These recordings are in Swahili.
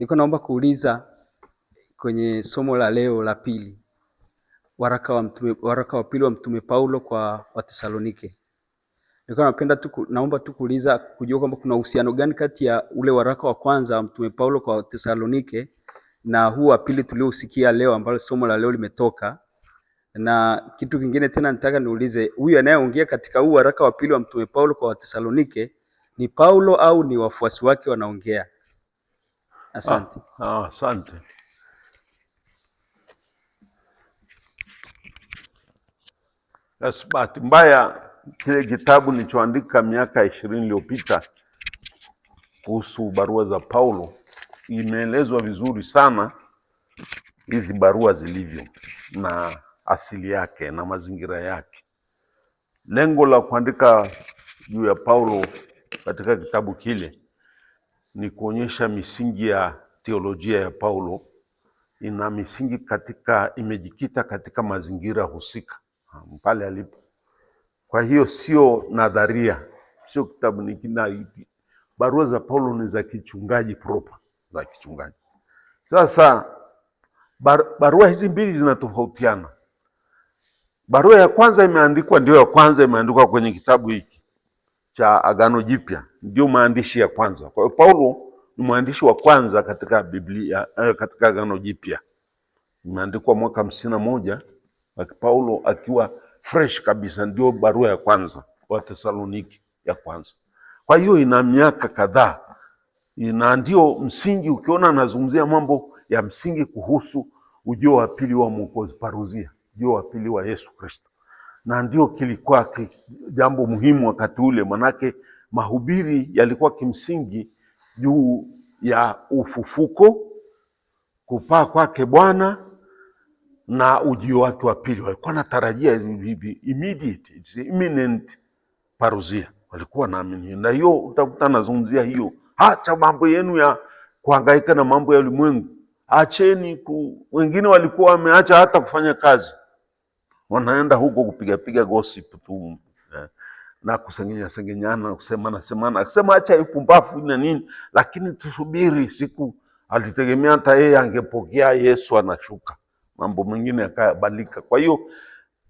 Nilikuwa naomba kuuliza kwenye somo la leo la pili, waraka wa mtume, waraka wa pili wa mtume Paulo kwa Watesalonike. Nilikuwa napenda tu, naomba tu kuuliza kujua kwamba kuna uhusiano gani kati ya ule waraka wa kwanza wa mtume Paulo kwa Watesalonike na huu wa pili tuliosikia leo, ambalo somo la leo limetoka. Na kitu kingine tena nitaka niulize, huyu anayeongea katika huu waraka wa pili wa mtume Paulo kwa Watesalonike ni Paulo au ni wafuasi wake wanaongea? Asante. Ah, ah asante. Sasa bahati mbaya kile kitabu nilichoandika miaka ishirini iliyopita kuhusu barua za Paulo imeelezwa vizuri sana hizi barua zilivyo na asili yake na mazingira yake. Lengo la kuandika juu ya Paulo katika kitabu kile ni kuonyesha misingi ya teolojia ya Paulo ina misingi katika, imejikita katika mazingira husika pale alipo. Kwa hiyo sio nadharia, sio kitabu nikina. Barua za Paulo ni za kichungaji proper, za kichungaji. Sasa barua hizi mbili zinatofautiana. Barua ya kwanza imeandikwa, ndio ya kwanza imeandikwa kwenye kitabu hiki cha Agano Jipya ndio maandishi ya kwanza. Kwa hiyo Paulo ni mwandishi wa kwanza katika Biblia, eh, katika Agano Jipya imeandikwa mwaka hamsini na moja Paulo akiwa fresh kabisa, ndio barua ya kwanza wa Tesaloniki ya kwanza. Kwa hiyo ina miaka kadhaa, na ndio msingi. Ukiona anazungumzia mambo ya msingi kuhusu ujio wa pili wa Mwokozi, parusia, ujio wa pili wa Yesu Kristo na ndio kilikuwa jambo muhimu wakati ule, manake mahubiri yalikuwa kimsingi juu ya ufufuko, kupaa kwake Bwana na ujio wake wa pili. Walikuwa natarajia immediate, it's imminent parousia, walikuwa naamini na hiyo. Utakuta nazungumzia hiyo, hacha mambo yenu ya kuhangaika na mambo ya ulimwengu, acheni ku... wengine walikuwa wameacha hata kufanya kazi wanaenda huko kupiga piga gossip tu eh, na kusengenya sengenyana kusema na semana akisema acha ipumbavu na nini, lakini tusubiri siku. Alitegemea hata yeye angepokea Yesu anashuka, mambo mengine yakabalika. Kwa hiyo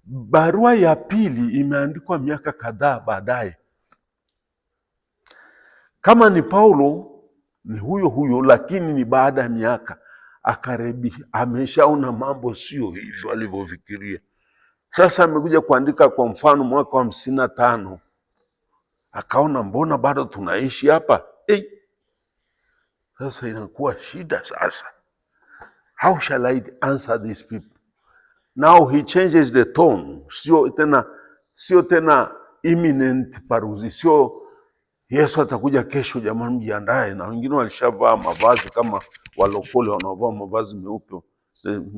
barua ya pili imeandikwa miaka kadhaa baadaye. Kama ni Paulo ni huyo huyo, lakini ni baada ya miaka akarebi, ameshaona mambo sio hivyo alivyofikiria. Sasa amekuja kuandika kwa mfano mwaka wa hamsini na tano akaona mbona bado tunaishi hapa hey. Sasa inakuwa shida sasa, how shall I answer these people now? He changes the tone, sio tena sio tena imminent paruzi, sio Yesu atakuja kesho, jamani mjiandae. Na wengine walishavaa mavazi kama walokole wanaovaa mavazi meupe,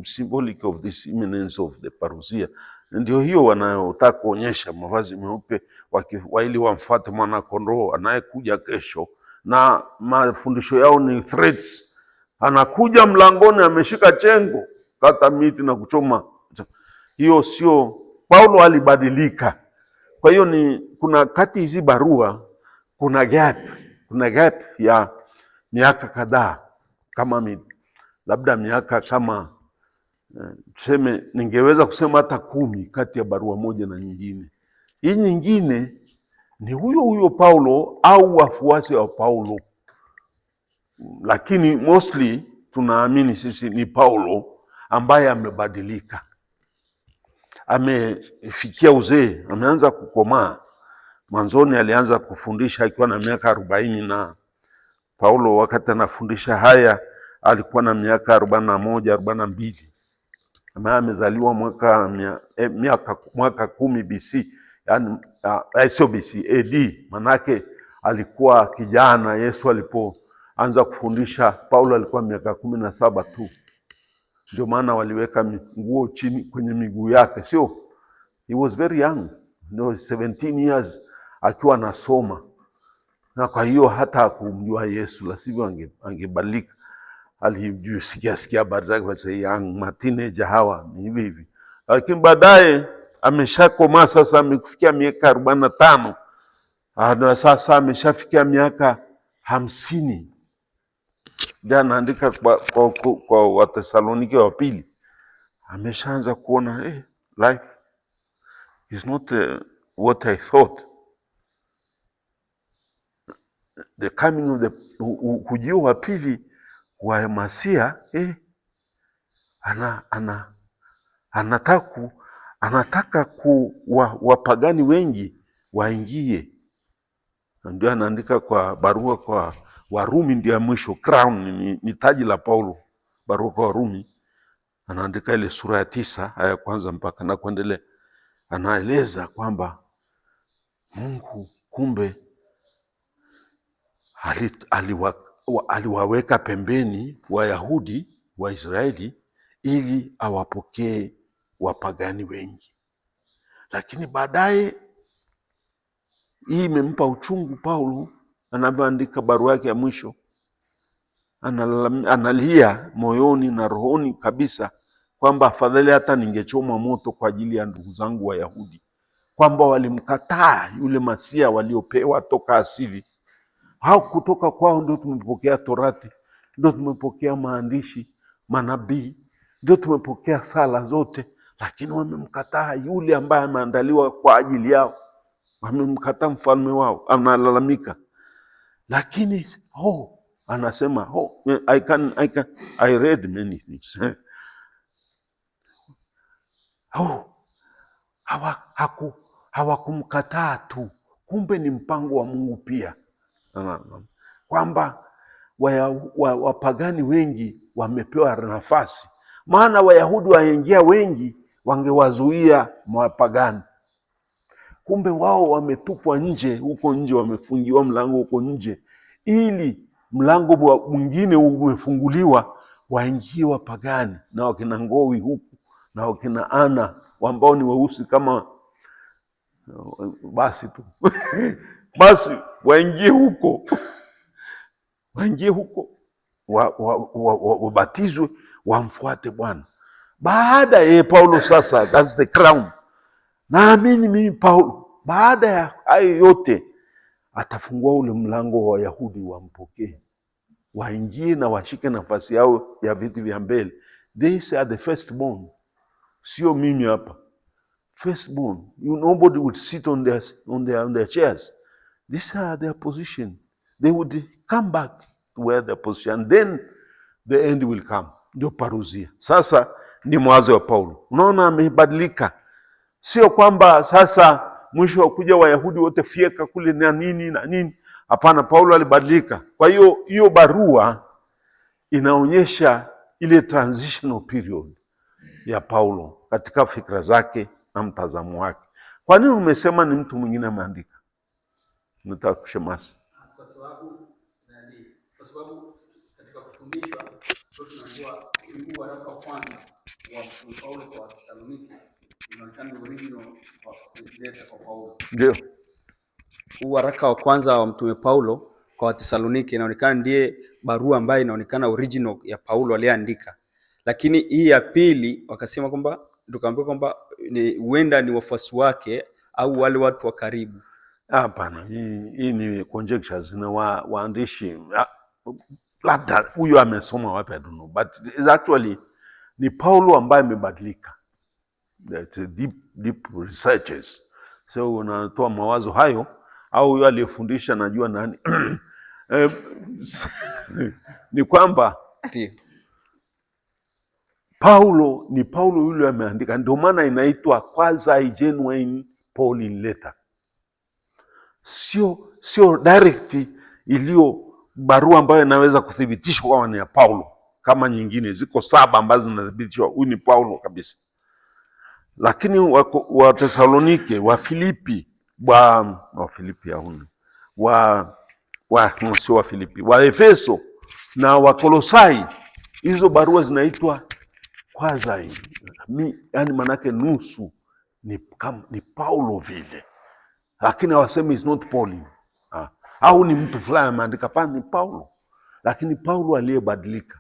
symbolic of this imminence of the parousia. Ndio hiyo wanayotaka kuonyesha, mavazi meupe, ili wamfuate mwana kondoo anayekuja kesho, na mafundisho yao ni threats. Anakuja mlangoni ameshika chengo, kata miti na kuchoma. Hiyo sio Paulo, alibadilika. Kwa hiyo ni kuna kati hizi barua kuna gap, kuna gap ya miaka kadhaa kama mi, labda miaka kama tuseme, ningeweza kusema hata kumi kati ya barua moja na nyingine. Hii nyingine ni huyo huyo Paulo au wafuasi wa Paulo, lakini mostly tunaamini sisi ni Paulo ambaye amebadilika, amefikia uzee, ameanza kukomaa. Mwanzoni alianza kufundisha akiwa na miaka arobaini na Paulo wakati anafundisha haya alikuwa na miaka arobaini na moja arobaini na mbili ambaye amezaliwa mwaka eh, miaka mwaka kumi BC, yani ah, eh, sio BC, AD. Manake alikuwa kijana Yesu alipoanza kufundisha. Paulo alikuwa miaka kumi na saba tu, ndio maana waliweka nguo chini kwenye miguu yake, sio he was very young, no 17 years akiwa anasoma, na kwa hiyo hata akumjua Yesu, lasivyo sivyo angebadilika sikia sikia habari zake kwa matine hawa ni hivi hivi, lakini baadaye ameshakomaa sasa, amekufikia miaka arobaini na tano na sasa ameshafikia miaka hamsini ndio anaandika kwa, kwa, kwa, kwa Wathesaloniki wa pili. Ameshaanza kuona eh, life is not uh, what I thought the coming of the ujio wa pili Masia eh, ana, ana, anataka, anataka kuwapagani wa wengi waingie, ndio anaandika kwa barua kwa Warumi, ndio ya mwisho crown ni, ni taji la Paulo. Barua kwa Warumi anaandika ile sura ya tisa aya ya kwanza mpaka na kuendelea, anaeleza kwamba Mungu kumbe ali, aliwa wa, aliwaweka pembeni Wayahudi wa Israeli ili awapokee wapagani wengi, lakini baadaye hii imempa uchungu Paulo anavyoandika barua yake ya mwisho, analia moyoni na rohoni kabisa kwamba afadhali hata ningechomwa moto kwa ajili ya ndugu zangu Wayahudi, kwamba walimkataa yule Masia waliopewa toka asili au kutoka kwao ndio tumepokea Torati, ndio tumepokea maandishi, manabii, ndio tumepokea sala zote, lakini wamemkataa yule ambaye ameandaliwa kwa ajili yao. Wamemkataa mfalme wao, analalamika, lakini oh, anasema oh, I can, I can, I read many things oh, hawakumkataa hawa tu, kumbe ni mpango wa Mungu pia kwamba wapagani wa, wa wengi wamepewa nafasi, maana Wayahudi waingia wengi wangewazuia mapagani, kumbe wao wametupwa nje huko nje, wamefungiwa mlango huko nje, ili mlango mwingine umefunguliwa waingie wapagani na wakina Ngowi huku na wakina Ana ambao ni weusi kama basi tu basi waingie huko waingie huko wabatizwe, wa, wa, wa wamfuate Bwana. Baada ya eh, Paulo sasa, that's the crown. Naamini mimi Paulo, baada ya hayo yote atafungua ule mlango wa Wayahudi wampokee, waingie na washike nafasi yao ya viti vya mbele. This are the firstborn, sio mimi hapa. Firstborn, you nobody would sit on their, on their, on their chairs These are their position. They would come back to where their position and then the end will come. Ndio parousia. Sasa ni mwanzo wa Paulo. Unaona amebadilika, sio kwamba sasa mwisho wa kuja Wayahudi wote fieka kule na nini na nini. Hapana, Paulo alibadilika. Kwa hiyo hiyo barua inaonyesha ile transitional period ya Paulo katika fikra zake na mtazamo wake. Kwa nini umesema ni mtu mwingine ameandika? nitakushamasa kwa sababu nani, kwa sababu katika kufundishwa tunajua huu waraka wa kwanza wa Paulo kwa wa ndio waraka wa kwanza wa mtume Paulo kwa Watesaloniki inaonekana ndiye barua ambayo inaonekana original ya Paulo aliyeandika, lakini hii ya pili wakasema kwamba tukaambiwa kwamba huenda ni wafuasi wake au wale watu wa karibu Hapana, hii hii ni conjectures na wa, waandishi ah, labda huyo amesoma wapi, I don't know but it's actually ni Paulo ambaye amebadilika, deep deep researches. So unatoa mawazo hayo, au huyo aliyefundisha najua nani eh, ni kwamba Paulo ni Paulo yule ameandika, ndio maana inaitwa quasi genuine Pauline letter sio sio direct iliyo barua ambayo inaweza kuthibitishwa kwamba ni ya Paulo kama nyingine ziko saba ambazo zinathibitishwa huyu ni Paulo kabisa. Lakini wa Thessalonike, wa Filipi, wa wa Filipi huni wa wa sio wa Filipi, wa Efeso na wa Kolosai, hizo barua zinaitwa kwanza, yani maanake nusu ni, ni Paulo vile lakini hawasemi is not Paul ah, au ni mtu fulani ameandika pa ni Paulo, lakini Paulo aliyebadilika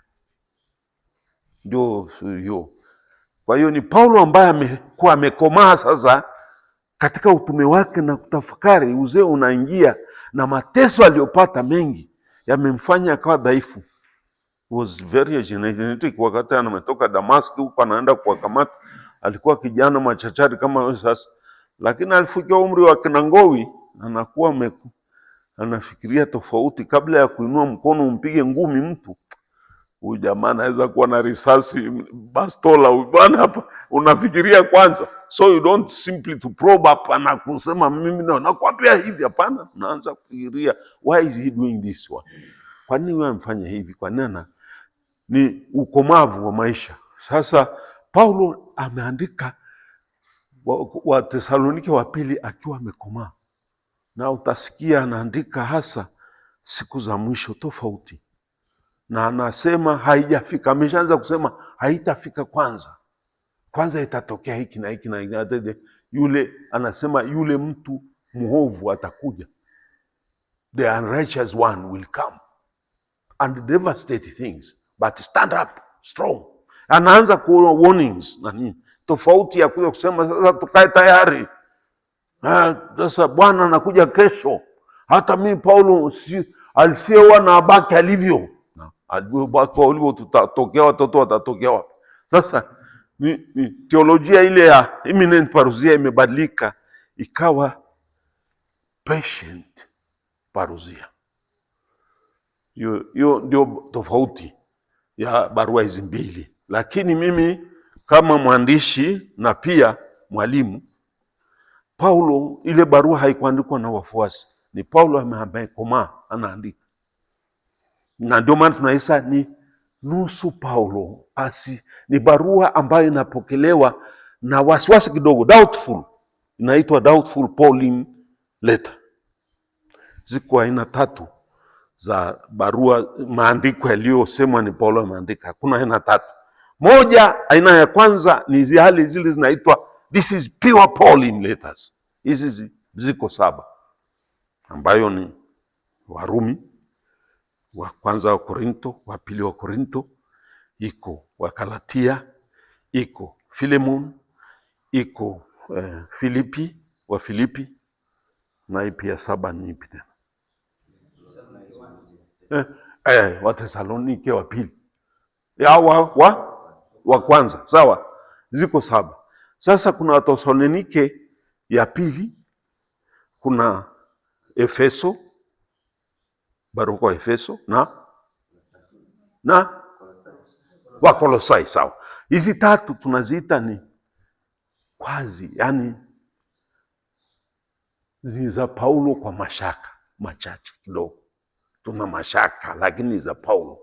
ndio hiyo. Kwa hiyo ni Paulo ambaye amekuwa amekomaa sasa katika utume wake na kutafakari, uzee unaingia na mateso aliyopata mengi yamemfanya akawa dhaifu. Was very genetic. Wakati ametoka Damaski huko anaenda kuwakamata, alikuwa kijana machachari kama sasa lakini alifikia umri wa kinangowi, anakuwa meku, anafikiria tofauti. Kabla ya kuinua mkono umpige ngumi mtu, huyu jamaa anaweza kuwa na risasi bastola bwana, hapa unafikiria kwanza, so you don't simply to probe up na kusema mimi ndio nakwambia hivi. Hapana, unaanza kufikiria why is he doing this one, kwa nini huyu amfanya hivi, kwa nini ni ukomavu wa maisha. Sasa Paulo ameandika Wathesalonike wa pili akiwa amekomaa, na utasikia anaandika hasa siku za mwisho tofauti, na anasema haijafika, ameshaanza kusema haitafika kwanza, kwanza itatokea hiki na hiki na yule, anasema yule mtu muovu atakuja, the unrighteous one will come and devastate things but stand up strong. Anaanza kuona warnings na nini tofauti ya kuja kusema sasa tukae tayari. Sasa Bwana anakuja kesho. Hata mimi Paulo si, alisiewa na abaki alivyo alivyo, tutatokea watoto watatokea wapi? Sasa ni, ni, teolojia ile ya imminent parousia imebadilika ikawa patient parousia. Hiyo ndio tofauti ya barua hizi mbili, lakini mimi kama mwandishi na pia mwalimu, Paulo, ile barua haikuandikwa na wafuasi, ni Paulo amekomaa anaandika, na ndio maana tunaisa ni nusu Paulo asi, ni barua ambayo inapokelewa na wasiwasi kidogo, doubtful, inaitwa doubtful Pauline letter. Ziko aina tatu za barua, maandiko yaliyosemwa ni Paulo ameandika, hakuna aina tatu moja, aina ya kwanza ni hali zile zinaitwa, this is pure Pauline letters. Hizi ziko saba ambayo ni Warumi wa kwanza wa Korinto, wa pili wa Korinto, iko Wakalatia, iko Filemon, iko eh, Filipi wa Filipi na ipi ya saba ni ipi tena? Eh, eh, Wathesalonike wa pili ya wa, wa wa kwanza, sawa, ziko saba. Sasa kuna Wathesalonike ya pili, kuna Efeso, barua kwa Efeso na na Wakolosai, sawa. Hizi tatu tunaziita ni kwazi, yani ni za Paulo kwa mashaka machache kidogo, tuna mashaka lakini za Paulo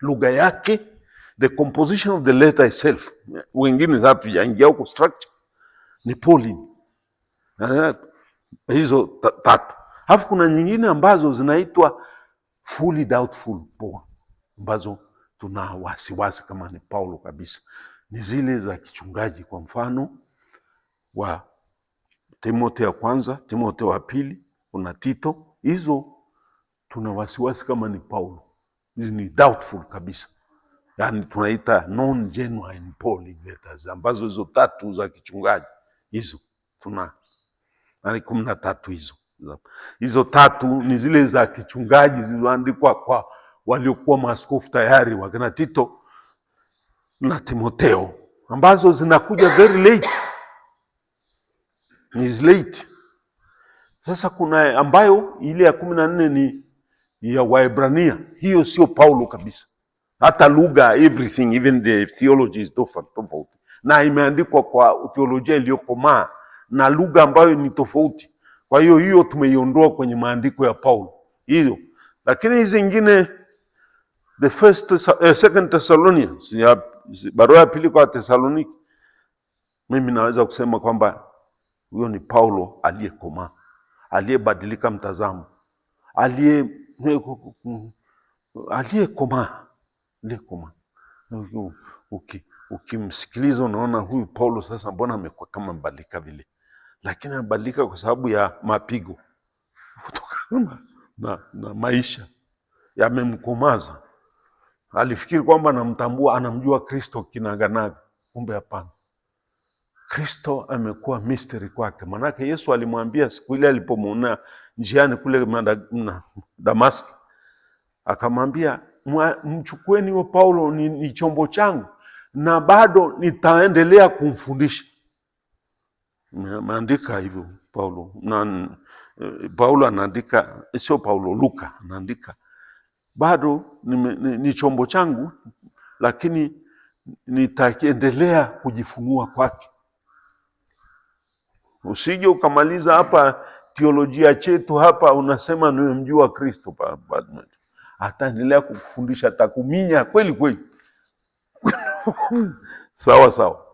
lugha yake the composition of the letter itself, wengine hatujaingia huko structure, ni pollen eh, hizo tatu. alafu kuna nyingine ambazo zinaitwa fully doubtful pollen ambazo tuna wasiwasi kama ni Paulo kabisa, ni zile za kichungaji. Kwa mfano wa Timotheo ya kwanza, Timotheo wa pili, kuna Tito. Hizo tuna wasiwasi kama ni Paulo, hizi ni doubtful kabisa yani tunaita non genuine pollinators, ambazo hizo tatu za kichungaji hizo tuna yani kumi na tatu hizo hizo tatu ni zile za kichungaji zilizoandikwa kwa waliokuwa maaskofu tayari wakina Tito na timoteo ambazo zinakuja very late, ni late. Sasa kuna ambayo ile ya kumi na nne ni ya Waebrania, hiyo sio Paulo kabisa hata lugha, everything even the theology is different, tofauti na imeandikwa kwa theolojia iliyokomaa na lugha ambayo ni tofauti. Kwa hiyo hiyo tumeiondoa kwenye maandiko ya Paulo hiyo, lakini hizi zingine the first uh, second Thessalonians ya barua ya pili kwa Thessaloniki, mimi naweza kusema kwamba huyo ni Paulo aliyekomaa, aliyebadilika mtazamo, aliye eh, aliyekomaa Uki, Ukimsikiliza unaona huyu Paulo sasa, mbona amekuwa kama mbalika vile, lakini amebadilika kwa sababu ya mapigo kutokana na, na maisha yamemkomaza. Alifikiri kwamba anamtambua anamjua Kristo kinaganaga, kumbe hapana. Kristo amekuwa mystery kwake, maanake Yesu alimwambia siku ile alipomuona njiani kule Damaski, akamwambia mchukueni huyo Paulo ni, ni chombo changu na bado nitaendelea kumfundisha. Maandika hivyo Paulo na eh, Paulo anaandika, sio Paulo, Luka anaandika bado ni, ni, ni chombo changu, lakini nitaendelea kujifunua kwake. Usije ukamaliza hapa teolojia chetu hapa unasema nimemjua Kristo ataendelea kukufundisha, takuminya kweli kweli sawa sawa.